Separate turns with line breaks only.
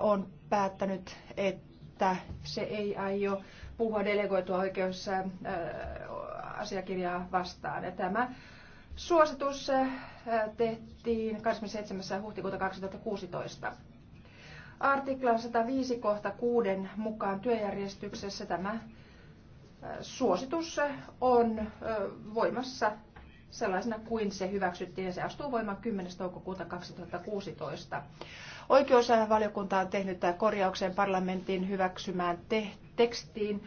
on päättänyt, että se ei aio puhua delegoitua oikeus asiakirjaa vastaan. Ja tämä suositus tehtiin 27. huhtikuuta 2016. Artiklan 105 kohta 6 mukaan työjärjestyksessä tämä suositus on voimassa sellaisena kuin se hyväksyttiin ja se astuu voimaan 10. toukokuuta 2016. Oikeusvaliokunta on tehnyt tämän korjauksen parlamentin hyväksymään te- tekstiin